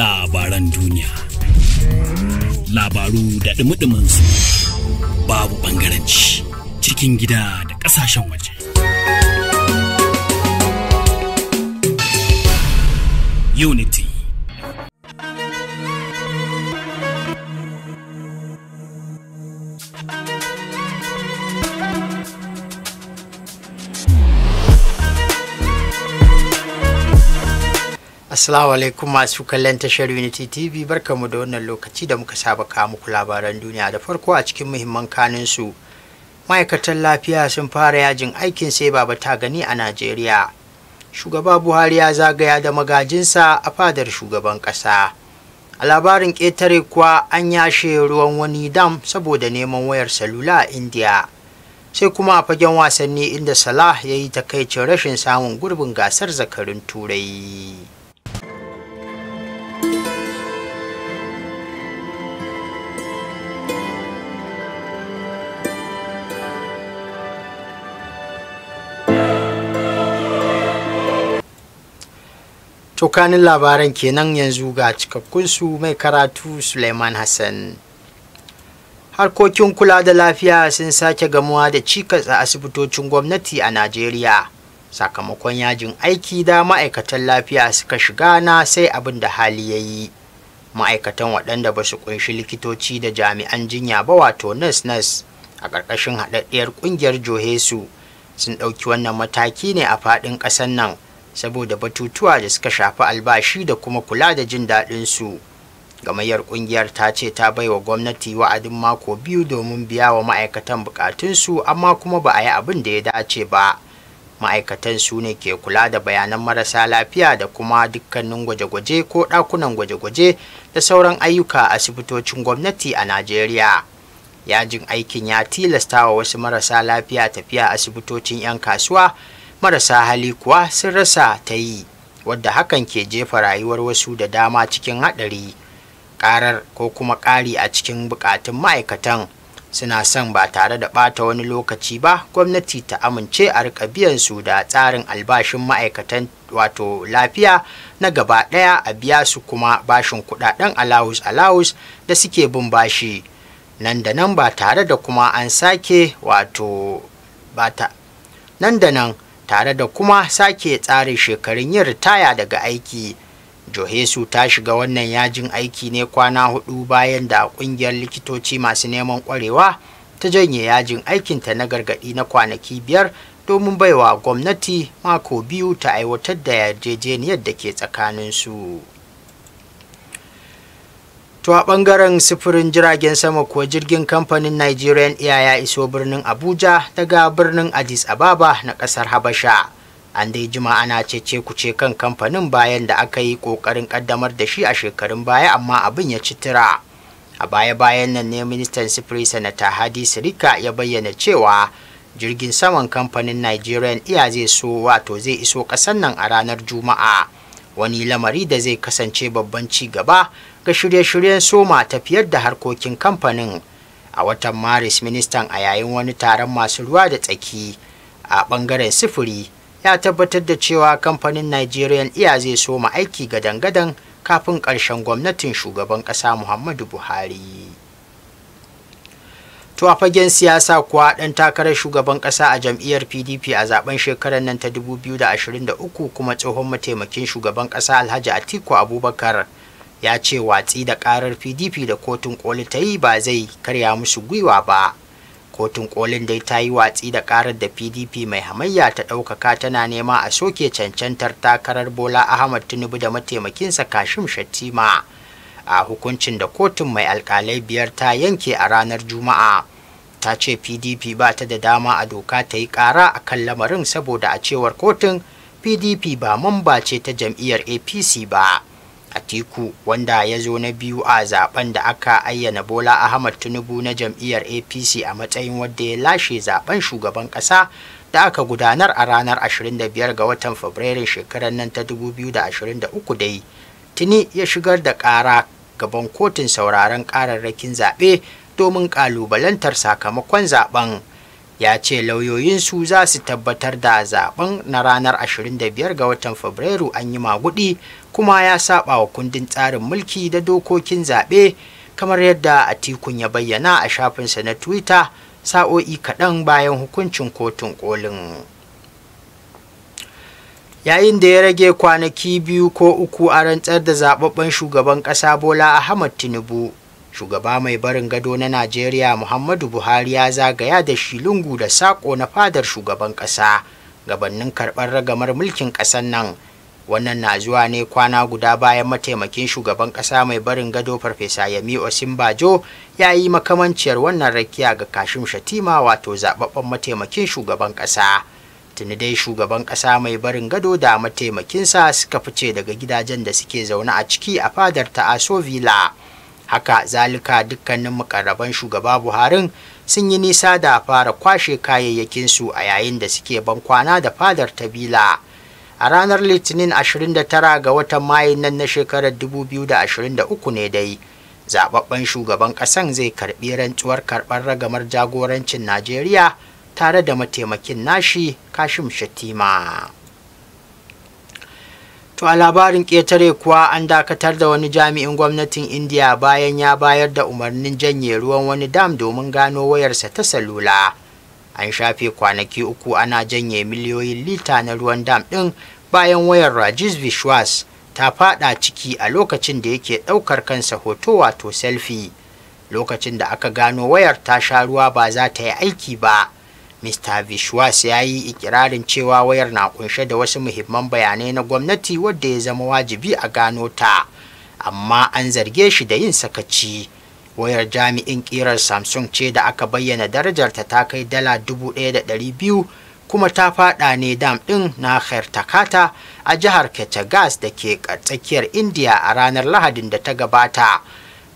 labaran duniya. Labaru da ɗumɗumansu su babu ɓangaranci cikin gida da ƙasashen waje. Unit Assalamu alaikum masu kallon tashar Unity TV barkamu da wannan lokaci da muka saba kawo muku labaran duniya da farko a cikin muhimman kanin su. Ma'aikatan lafiya sun fara yajin aikin sai baba ta gani a Najeriya. Shugaba Buhari ya zagaya da magajinsa a fadar shugaban ƙasa. A labarin ƙetare kuwa an yashe ruwan wani dam saboda neman wayar salula a India. Sai kuma a fagen wasanni inda Salah ya yi takaicin rashin samun gurbin gasar zakarin Turai. tokanin labaran kenan yanzu ga cikakkunsu mai karatu suleiman hassan harkokin kula da lafiya sun sake gamuwa da cikas a asibitocin gwamnati a najeriya sakamakon yajin aiki da ma'aikatan lafiya suka shiga na sai abin da hali ya yi ma'aikatan waɗanda ba su kunshi likitoci da jami'an jinya ba wato nas nas a ƙarƙashin haɗaɗɗiyar ƙungiyar johesu sun ɗauki wannan mataki ne a faɗin ƙasar nan saboda batutuwa da suka shafi albashi da kuma kula da jin daɗin su gamayyar kungiyar ta ce ta bai wa gwamnati wa'adin mako biyu domin biya wa ma'aikatan bukatunsu amma kuma ba a yi abin da ya dace ba ma'aikatan su ne ke kula da bayanan marasa lafiya da kuma dukkanin gwaje-gwaje ko ɗakunan gwaje-gwaje da sauran ayyuka a asibitocin gwamnati a najeriya yajin aikin ya tilasta wa wasu marasa lafiya tafiya asibitocin 'yan kasuwa marasa hali kuwa sun rasa ta yi wadda hakan ke jefa rayuwar wasu da dama cikin haɗari ƙarar ko kuma ƙari a cikin buƙatun ma'aikatan suna son ba tare da ɓata wani lokaci ba gwamnati ta amince a rika biyan su da tsarin albashin ma'aikatan wato lafiya na gaba ɗaya a biya su kuma bashin kuɗaɗen alawus alawus da suke bin bashi nan da nan ba tare da kuma an sake wato bata nan da nan tare da kuma sake tsare shekarun yin ritaya daga aiki johesu ta shiga wannan yajin aiki ne kwana hudu bayan da kungiyar likitoci masu neman kwarewa ta janye yajin aikinta na gargadi na kwanaki biyar domin baiwa gwamnati mako biyu ta aiwatar da yarjejeniyar da ke tsakaninsu. To a ɓangaren sufurin jiragen sama kuwa jirgin kamfanin Nigerian Air ya iso birnin Abuja daga birnin Addis Ababa na ƙasar Habasha. An dai jima ana cece kuce kan kamfanin bayan da aka yi ƙoƙarin ƙaddamar da shi a shekarun baya amma abin ya ci tira. A baya-bayan nan ne ministan sufuri sanata Hadi Sirika ya bayyana cewa jirgin saman kamfanin Nigerian Air zai so wato zai iso ƙasan nan a ranar Juma'a. wani lamari da zai kasance babban ci gaba ga shirye-shiryen soma tafiyar da harkokin kamfanin a watan maris ministan a yayin wani taron masu ruwa da tsaki a bangaren sifiri ya tabbatar da cewa kamfanin nigerian iya zai soma aiki gadan-gadan kafin ƙarshen gwamnatin shugaban ƙasa muhammadu buhari to a fagen siyasa kuwa ɗan takarar shugaban ƙasa a jam'iyyar pdp a zaben shekarar nan ta 2023 kuma tsohon mataimakin shugaban ƙasa alhaji atiku abubakar ya ce watsi da ƙarar pdp da kotun koli ta yi ba zai karya musu gwiwa ba kotun kolin dai ta yi watsi da ƙarar da pdp mai hamayya ta ɗaukaka tana nema a soke cancantar takarar bola ahmad tinubu da mataimakinsa kashim shattima a hukuncin da kotun mai alkalai biyar ta yanke a ranar juma'a ta ce pdp ba ta da dama a doka ta yi kara a kan lamarin saboda a cewar kotun pdp ba mamba ce ta jam'iyyar apc ba a atiku wanda ya zo na biyu a zaben da aka ayyana bola ahmad tinubu na jam'iyyar apc a matsayin wadda ya lashe zaben shugaban kasa da aka gudanar a ranar 25 ga watan fabrairun shekarar nan ta 2023 dai tuni ya shigar da kara gaban kotun sauraron kararrakin zaɓe domin ƙalubalantar sakamakon zaben ya ce lauyoyinsu za su tabbatar da zaben na ranar 25 ga watan fabrairu an yi magudi kuma ya saba wa kundin tsarin mulki da dokokin zaɓe kamar yadda atikun ya bayyana a shafinsa na twitter sa'o'i kaɗan bayan hukuncin kotun kolin yayin da ya rage kwanaki biyu ko uku a rantsar da zababben shugaban ƙasa bola ahmad tinubu shugaba mai barin gado na najeriya muhammadu buhari ya zagaya da shi lungu da sako na fadar shugaban ƙasa gabannin karɓar ragamar mulkin ƙasar nan wannan na zuwa ne kwana guda bayan mataimakin shugaban ƙasa mai barin gado farfesa yami osinbajo ya yi makamanciyar wannan rakiya ga kashim shatima wato zaɓaɓɓen mataimakin shugaban ƙasa tuni dai shugaban ƙasa mai barin gado da mataimakinsa suka fice daga gidajen da suke zaune a ciki a fadar ta aso villa haka zalika dukkanin mukarraban shugaba buharin sun yi nisa da fara kwashe kayayyakin su a yayin da suke bankwana da fadar ta bila a ranar litinin 29 ga watan mayu nan na shekarar 2023 ne dai zababben shugaban kasan zai karbi rantsuwar karbar ragamar jagorancin najeriya tare da mataimakin nashi kashim shatima To a labarin ƙetare kuwa an dakatar da wani jami'in gwamnatin Indiya bayan ya bayar da umarnin janye ruwan wani dam domin gano wayarsa ta salula. An shafe kwanaki uku ana janye miliyoyin lita na ruwan dam ɗin bayan wayar Rajiv Vishwas ta faɗa ciki a lokacin da yake ɗaukar kansa hoto wato selfie. Lokacin da aka gano wayar ta sha ruwa ba za ta yi aiki ba. Mr. Vishwas ya yi ikirarin cewa wayar na kunshe da wasu muhimman bayanai na gwamnati wadda ya zama wajibi a gano ta, amma an zarge shi da yin sakaci. Wayar jami'in kirar Samsung ce da aka bayyana darajarta ta kai dala 1,200 kuma ta fada ne dam ɗin na Khairtakata a jihar Ketagas da ke tsakiyar India a ranar Lahadin da ta gabata.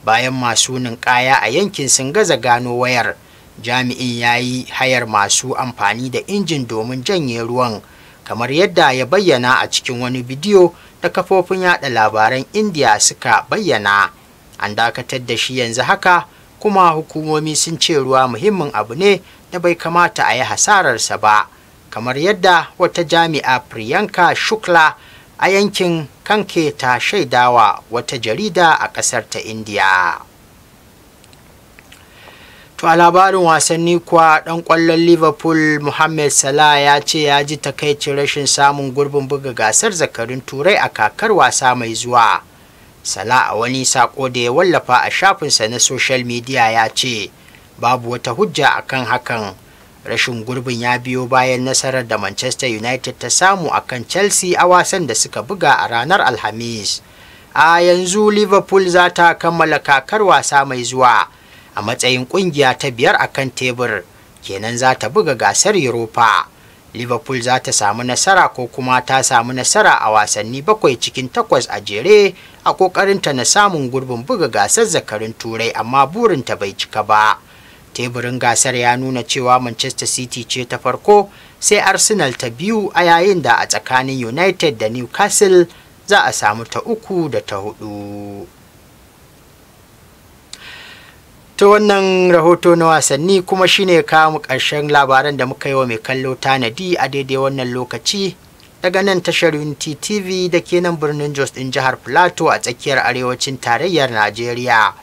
Bayan masu ninkaya a yankin sun gaza gano wayar. jami'in ya yi hayar masu amfani da injin domin janye ruwan kamar yadda ya bayyana a cikin wani bidiyo da kafofin yada labaran indiya suka bayyana an dakatar da shi yanzu haka kuma hukumomi sun ce ruwa muhimmin abu ne da bai kamata a yi hasararsa ba kamar yadda wata jami'a priyanka shukla a yankin kanke ta shaidawa wata jarida a ƙasar ta indiya to a labarin wasanni kuwa ɗan ƙwallon liverpool mohamed salah ya ce ya ji takaicin rashin samun gurbin buga gasar zakarun turai a kakar wasa mai zuwa salah a wani sako da ya wallafa a shafinsa na social media ya ce babu wata hujja akan hakan rashin gurbin ya biyo bayan nasarar da manchester united ta samu a kan chelsea a wasan da suka buga a ranar alhamis a yanzu liverpool za ta kammala kakar wasa mai zuwa a matsayin kungiya ta biyar a kan tebur kenan za ta buga gasar europa liverpool za ta samu nasara ko kuma ta samu nasara a wasanni bakwai cikin takwas a jere a kokarinta na samun gurbin buga gasar zakarin turai amma burinta bai cika ba teburin gasar ya nuna cewa manchester city ce ta farko sai arsenal ta biyu a yayin da a tsakanin united da newcastle za a samu ta uku da ta hudu To wannan rahoto na wasanni kuma shine kawo mu ƙarshen labaran da muka yi wa mai kallo tanadi a daidai wannan lokaci daga nan tashar unity tv da ke nan birnin jos ɗin jihar plateau a tsakiyar arewacin tarayyar najeriya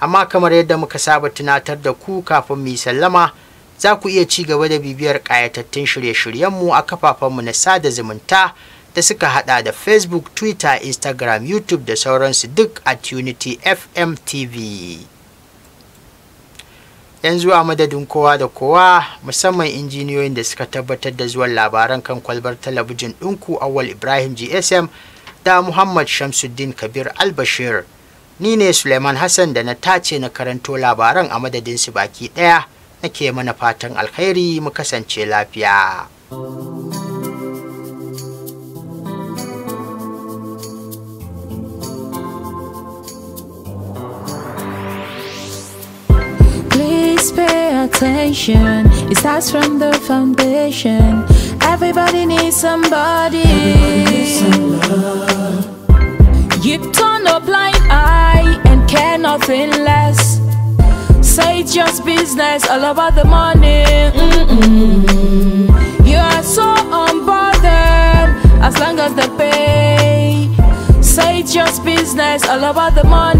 amma kamar yadda muka saba tunatar da ku kafin mu sallama za ku iya ci gaba da bibiyar ƙayatattun shirye-shiryenmu a kafafenmu na sada zumunta da suka hada da facebook twitter instagram youtube da sauransu duk at fm tv yanzu a madadin kowa da kowa musamman injiniyoyin da suka tabbatar da zuwan labaran kan kwalbar talabijin ɗinku awal ibrahim gsm da muhammad shamsuddin kabir albashir ni ne suleiman hassan da na tace na karanto labaran a madadin su baki ɗaya nake mana fatan alkhairi mu kasance lafiya. attention. It starts from the foundation. Everybody needs somebody. Everybody you turn a blind eye and care nothing less. Say it's just business all about the money. Mm -mm. You are so unbothered as long as they pay. Say it's just business all about the money.